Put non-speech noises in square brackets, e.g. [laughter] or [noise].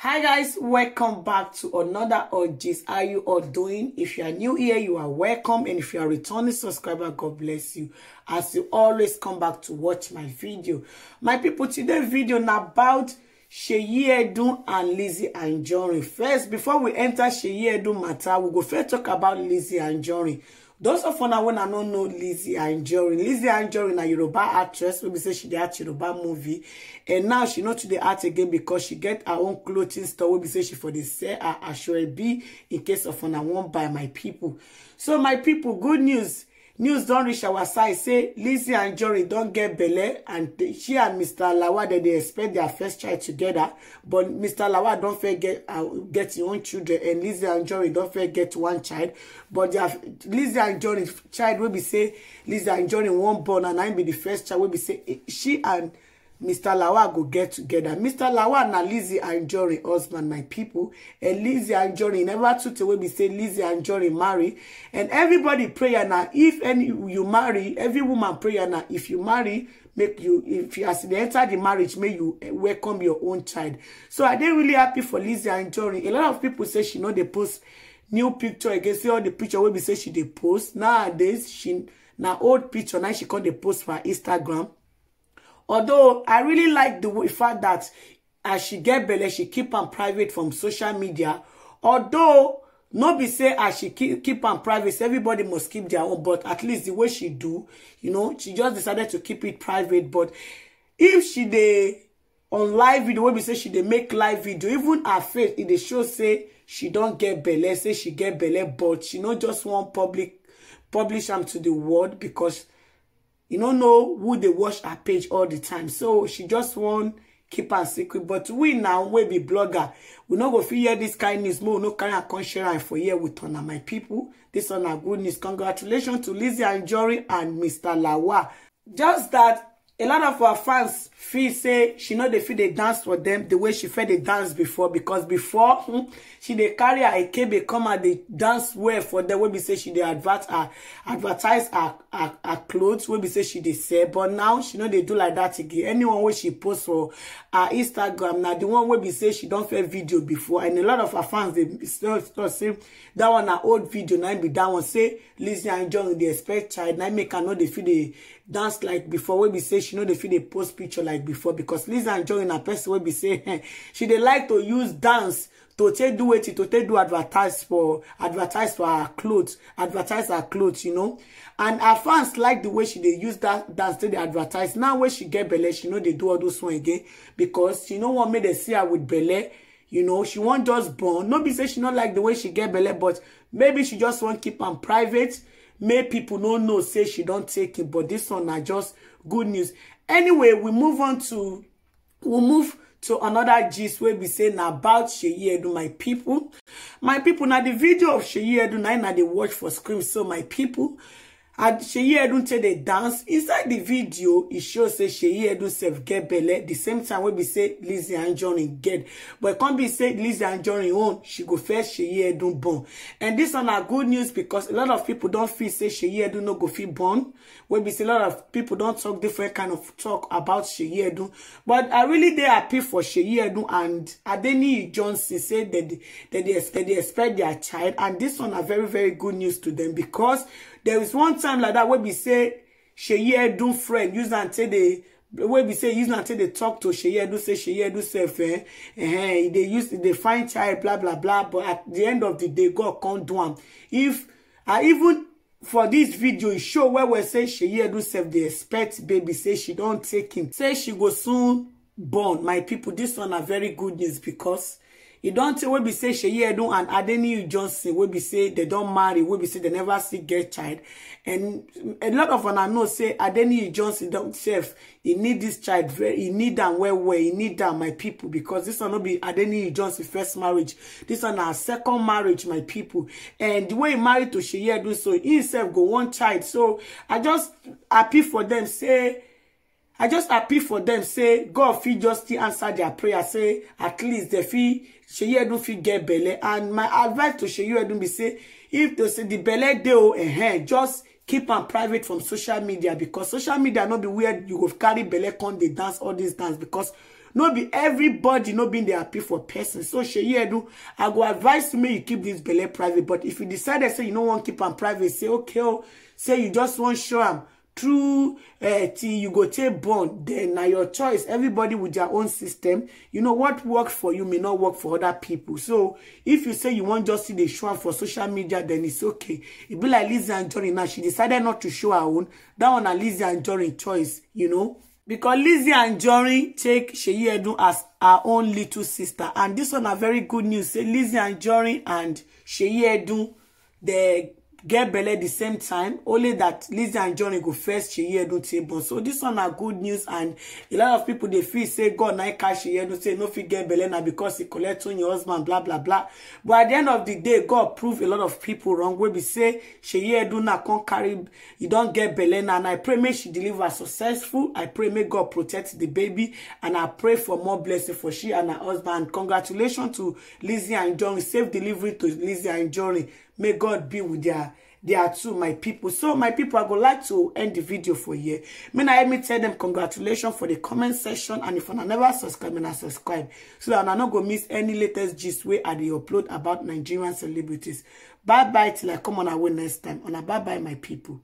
hi guys welcome back to another OGs how you all doing if you are new here you are welcome and if you are returning subscriber god bless you as you always come back to watch my video my people today video na about Seyi Edun and Lizzie and Anjorin first before we enter Seyi Edun matter we go first talk about Lizzie and Anjorin those of una wey i no know lizzie anjorin lizzie anjorin a yoruba actress We say she did act yoruba movie and now she not to the art again because she get her own clothing store We say she for dey sell her be in case of una wan buy my people. so my people, good news news don't reach our side say lizzie and Jory don't get belay, and she and mr lawal dem dey expect their first child together but mr lawal don't forget get uh, get im own children and lizzie and Jory don't forget one child but lizzie and anjorin child will be say lizzie and Jory wan born and na be the first child will be say eh, she and mr lawal go get together mr lawal and lizzie anjorin husband my people. and lizzie anjorin never too tey wey be say lizzie anjorin marry and everybody prayer now. if any you marry every woman prayer now. if you marry make you if you as you enter the marriage may you eh, welcome your own child so i they really happy for lizzie anjorin a lot of people say she know they post new picture again see all the picture wey be say she they post nowadays she now old picture now she come dey post for instagram although i really like the fact that as she get belle she keep on private from social media although nobody say as she keep keep am private everybody must keep their own but at least the way she do you know she just decided to keep it private but if she dey on live video we say she dey make live video even her face e dey show say she don't get belle say she get belle but she not just want public publish them to the world because You don't know who they watch her page all the time. So she just won't keep her secret. But we now, we be blogger. We not go fear this kind news. More no kind of share and for here with honor my people. This honor good news. Congratulations to Lizzie and Jory and Mr. Lawa. Just that a lot of our fans feel say she know they feel they dance for them the way she felt they dance before because before hmm, she they carry her ekebe come and they dance well for them wey be say she they advert her advertise her her, her clothes wey be say she they say but now she know they do like that again anyone where she post for her instagram now the one wey be say she don't feel video before and a lot of her fans they still still say that one her old video now be that one say Lizzie and John they expect child now make her know they feel they dance like before wey be say she know they feel they post picture like before because Lisa and Joy in a person will be saying [laughs] she they like to use dance to take do wetin to take do advertise for advertise for her clothes advertise her clothes you know and her fans like the way she they use that dance to dey advertise now when she get belle she know they do all those one again because she know what made they see her with belle you know she won't just born nobody say she not like the way she get belle but maybe she just wan keep them private make people no know say she don't take it but this one I just good news anyway we move on to we move to another gist where we say na about Seyi Edun my people my people na the video of Seyi Edun na dey watch for screen so my people and Sheyi Edun say they dance inside the video It shows say Sheyi Edun sef get belly. the same time when we say Lizzie and Anjorin get but e come be say Lizzie and Anjorin own she go first Sheyi Edun born and this one are good news because a lot of people don't feel say Sheyi Edun no go feel born When be say a lot of people don't talk different kind of talk about Sheyi Edun but I really they happy for Sheyi Edun and Adeniyi Johnson say that they, that they, that they expect their child and this one are very very good news to them because there is one time like that where we say Sheyi Edun friend use until they where we say use until they talk to Sheyi Edun say Sheyi Edun sef eh eh e they use they dey find child blah blah blah but at the end of the day God come do am if I even for this video e show well well say Sheyi Edun sef they expect baby say she don't take him say she go soon born my people this one na very good news because You don't tey wey be say sheyi edun and adeniyi johnson We be say they don't marry We be say they never see get child and a lot of one I know say adeniyi johnson don't sef He need this child very He need them well well He need them my people because this one not be adeniyi johnson first marriage This one our second marriage my people. and the way he married to sheyi edun so he sef go one child so i just happy for them. say i just appeal for them. say god fit just answer their prayer say at least dem fit seyi edun fit get belle and my advice to seyi edun be say if they say the belle dey o eh just keep am private from social media because social media not be where you go carry belle con they dance all these dance because not be everybody not being dey happy for person so seyi edun i go advise you make you keep this belle private but if you decide say you no wan keep am private say okay oh, say you just wan show am through uh, till you go take born then na your choice everybody with their own system you know what works for you may not work for other people so if you say you want just see the show for social media then it's okay It be like Lizzie and Anjorin now she decided not to show her own that one Lizzie and Anjorin choice you know because Lizzie and Jory take Seyi Edun as her own little sister and this one na very good news Lizzie and Jory and Seyi Edun dey get belle the same time only that lizzie and johnny go first She shey edu table so this one are good news and a lot of people they feel say god na catch shey don't say no fit get belle na because e collect on your husband blah blah blah. but at the end of the day god prove a lot of people wrong We be say she shey do not come carry you don't get belle na and i pray may she deliver successful i pray may god protect the baby and i pray for more blessing for she and her husband congratulations to lizzie and johnny safe delivery to lizzie and johnny May God be with their there are two my people so my people i would like to end the video for you. may i me tell them congratulations for the comment section and if i never subscribe may I subscribe so that I'm not go miss any latest gist way i they upload about nigerian celebrities bye bye till i come on our way next time on a bye bye my people